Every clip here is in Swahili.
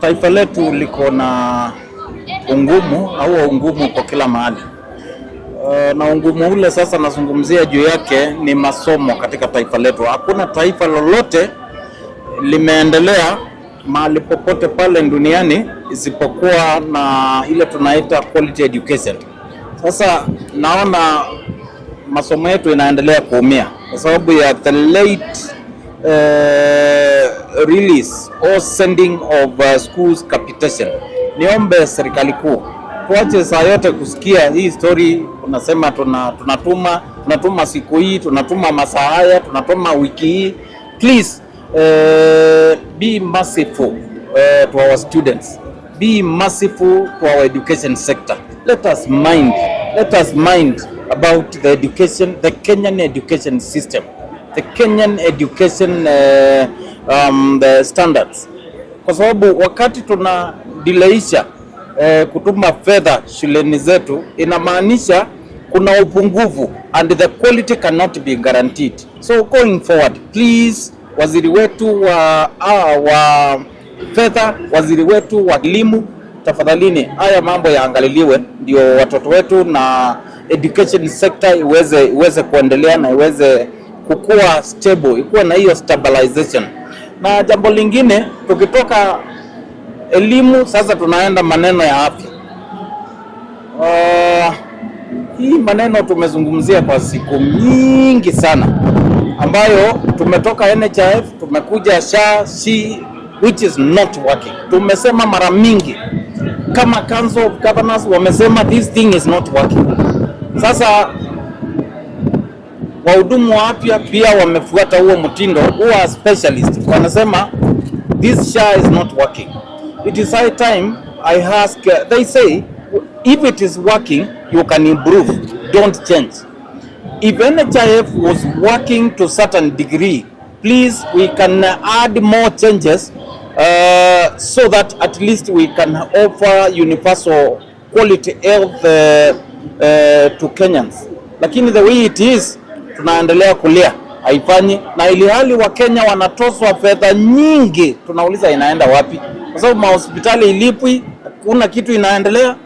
taifa letu liko na ungumu au ungumu kwa kila mahali uh, na ungumu ule sasa nazungumzia juu yake ni masomo katika taifa letu. Hakuna taifa lolote limeendelea mahali popote pale duniani isipokuwa na ile tunaita quality education. Sasa naona masomo yetu inaendelea kuumia kwa sababu ya the late eh, Eh, release or sending of uh, schools capitation. Niombe serikali kuu tuache saa yote kusikia hii story, unasema tuna, tunatuma tunatuma siku hii tunatuma masaa haya tunatuma wiki hii. Please uh, be merciful uh, to our students, be merciful to our education sector. Let us mind, let us mind about the education, the Kenyan education system, the Kenyan education uh, um, the standards, kwa sababu wakati tuna dileisha eh, kutuma fedha shuleni zetu inamaanisha kuna upungufu and the quality cannot be guaranteed. So going forward, please waziri wetu wa, ah, wa fedha, waziri wetu wa elimu, tafadhalini haya mambo yaangaliliwe, ndio watoto wetu na education sector iweze iweze kuendelea na iweze kukua stable, ikuwe na hiyo stabilization. Na jambo lingine, tukitoka elimu sasa tunaenda maneno ya afya. Uh, hii maneno tumezungumzia kwa siku nyingi sana, ambayo tumetoka NHIF tumekuja SHA SHI, which is not working. Tumesema mara mingi kama Council of Governors wamesema this thing is not working. Sasa Wahudumu wa afya pia wamefuata huo mtindo, huwa specialist wanasema this SHA is not working. It is high time I ask, they say if it is working you can improve, don't change. If NHIF was working to certain degree, please we can add more changes uh, so that at least we can offer universal quality health uh, uh, to Kenyans. Lakini the way it is tunaendelea kulia haifanyi, na ili hali Wakenya wanatoswa fedha nyingi, tunauliza inaenda wapi? Kwa sababu mahospitali ilipwi, kuna kitu inaendelea.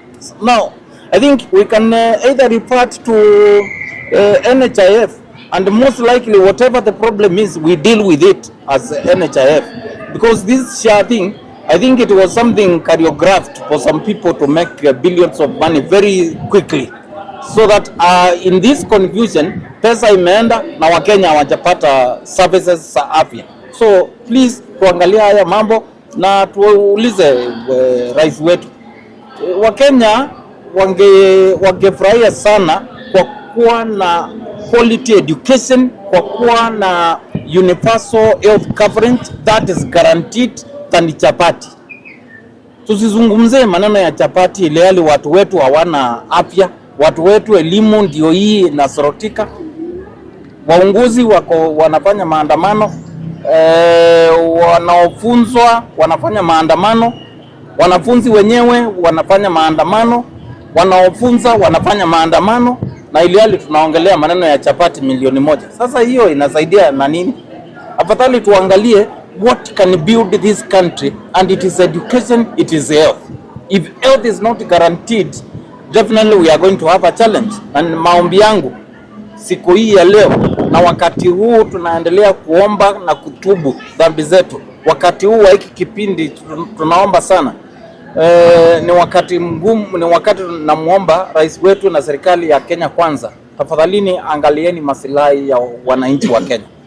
No, I think we can uh, either report to uh, NHIF and most likely whatever the problem is we deal with it as NHIF because this share thing I think it was something choreographed for some people to make uh, billions of money very quickly so that uh, in this confusion pesa imeenda na Wakenya hawajapata services za afya. So please tuangalia haya mambo na tuulize uh, rais wetu. Wakenya wange wangefurahia sana kwa kuwa na quality education, kwa kuwa na universal health coverage that is guaranteed than chapati. Tusizungumzie maneno ya chapati ile watu wetu hawana afya watu wetu, elimu ndio hii inasorotika. Waunguzi wako wanafanya maandamano e, wanaofunzwa wanafanya maandamano, wanafunzi wenyewe wanafanya maandamano, wanaofunza wanafanya maandamano, na ili hali tunaongelea maneno ya chapati milioni moja. Sasa hiyo inasaidia na nini? Afadhali tuangalie what can build this country and it is education, it is health. If health is not guaranteed definitely we are going to have a challenge, na maombi yangu siku hii ya leo na wakati huu tunaendelea kuomba na kutubu dhambi zetu. Wakati huu wa hiki kipindi tunaomba sana. E, ni wakati mgumu, ni wakati tunamuomba rais wetu na serikali ya Kenya kwanza, tafadhalini, angalieni masilahi ya wananchi wa Kenya.